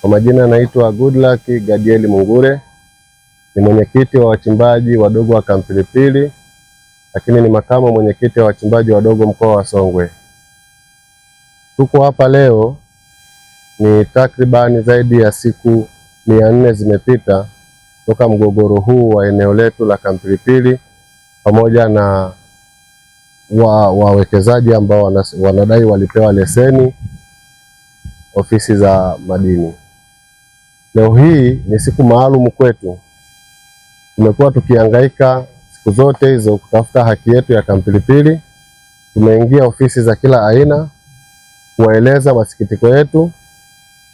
Kwa majina anaitwa Goodluck Gadiel Mungure, ni mwenyekiti wa wachimbaji wadogo wa Kampilipili, lakini ni makamu mwenyekiti wa wachimbaji wadogo mkoa wa Songwe. Tuko hapa leo, ni takribani zaidi ya siku mia nne zimepita toka mgogoro huu wa eneo letu la Kampilipili pamoja na wawekezaji wa ambao wanadai walipewa leseni ofisi za madini. Leo hii ni siku maalum kwetu. Tumekuwa tukihangaika siku zote hizo kutafuta haki yetu ya Kampilipili. Tumeingia ofisi za kila aina kuwaeleza masikitiko yetu,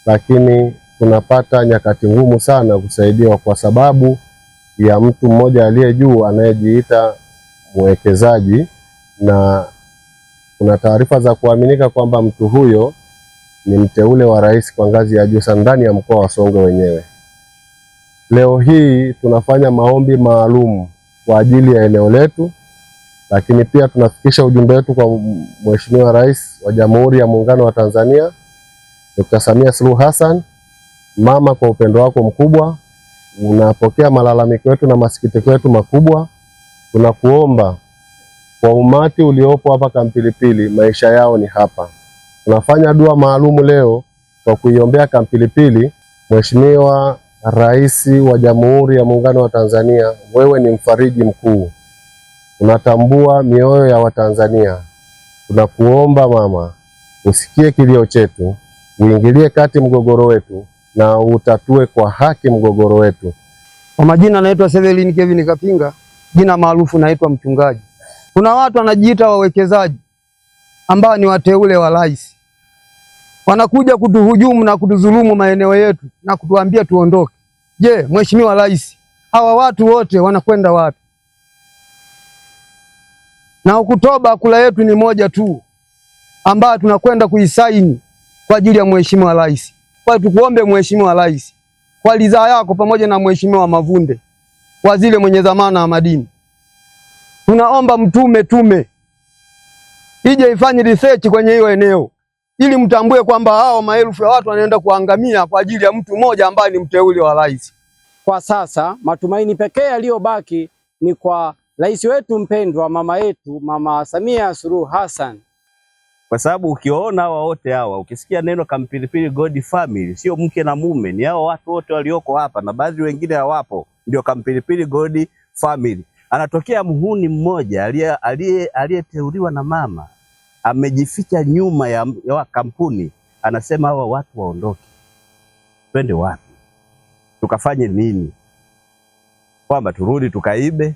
lakini tunapata nyakati ngumu sana kusaidiwa kwa sababu ya mtu mmoja aliye juu anayejiita mwekezaji, na kuna taarifa za kuaminika kwamba mtu huyo ni mteule wa rais kwa ngazi ya juu sana ndani ya mkoa wa Songwe wenyewe. Leo hii tunafanya maombi maalum kwa ajili ya eneo letu, lakini pia tunafikisha ujumbe wetu kwa Mheshimiwa Rais wa Jamhuri ya Muungano wa Tanzania Dr. Samia Suluhu Hassan. Mama, kwa upendo wako mkubwa unapokea malalamiko yetu na masikitiko yetu makubwa. Tunakuomba kwa umati uliopo hapa Kampilipili, maisha yao ni hapa. Tunafanya dua maalumu leo kwa kuiombea Kampilipili. Mheshimiwa Rais wa Jamhuri ya Muungano wa Tanzania, wewe ni mfariji mkuu, unatambua mioyo ya Watanzania. Tunakuomba mama, usikie kilio chetu, uingilie kati mgogoro wetu na utatue kwa haki mgogoro wetu. Kwa majina naitwa Severini Kevin Kapinga, jina maarufu naitwa mchungaji. Kuna watu wanajiita wawekezaji ambao ni wateule wa rais wanakuja kutuhujumu na kutudhulumu maeneo yetu na kutuambia tuondoke. Je, Mheshimiwa Rais, hawa watu wote wanakwenda wapi? Na Oktoba kula yetu ni moja tu ambayo tunakwenda kuisaini kwa ajili ya Mheshimiwa Rais. Kwa tukuombe Mheshimiwa Rais kwa ridhaa yako pamoja na Mheshimiwa Mavunde, waziri mwenye dhamana ya madini, tunaomba mtume tume ije ifanye research kwenye hiyo eneo ili mtambue kwamba hao maelfu ya watu wanaenda kuangamia kwa ajili ya mtu mmoja ambaye ni mteuli wa rais. Kwa sasa matumaini pekee yaliyobaki ni kwa rais wetu mpendwa, mama yetu, Mama Samia Suluhu Hassan, kwa sababu ukiwaona hawa wote hawa, ukisikia neno Kampilipili God Family, sio mke na mume, ni hao watu wote walioko hapa na baadhi wengine hawapo, ndio Kampilipili God Family. Anatokea muhuni mmoja aliyeteuliwa na mama amejificha nyuma ya, ya kampuni, anasema hawa watu waondoke. Twende wapi? Tukafanye nini? Kwamba turudi tukaibe?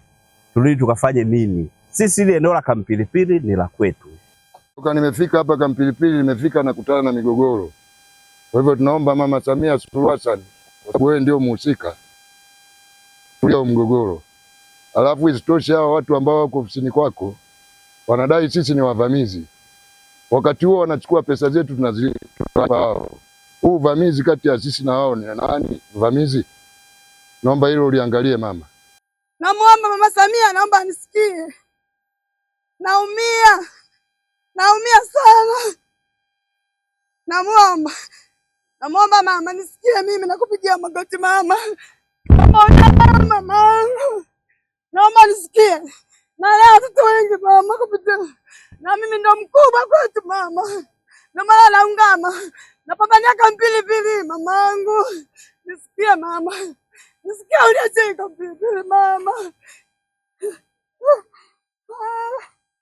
Turudi tukafanye nini? Sisi ile eneo la Kampilipili ni la kwetu. Toka nimefika hapa Kampilipili, nimefika nakutana na migogoro. Kwa hivyo tunaomba Mama Samia Suluhu Hassan, kwa sababu wewe ndio mhusika tulio mgogoro. Alafu isitoshe hawa watu ambao wako ofisini kwako wanadai sisi ni wavamizi. Wakati huo wanachukua pesa zetu tunazilipa wao. Huu uvamizi kati ya sisi na wao ni nani uvamizi? Naomba hilo uliangalie mama. Namuomba mama Samia, naomba anisikie. Naumia, naumia sana. Namuomba, namuomba mama nisikie, mimi nakupigia magoti mama. Namuomba mama, naomba nisikie. Na leo watoto wengi mama kupitia na mimi ndo mkubwa kwetu mama, ndo maana naungama napambaniaka mama angu Nisikie mama, nisikie uliacheka mpilipili mama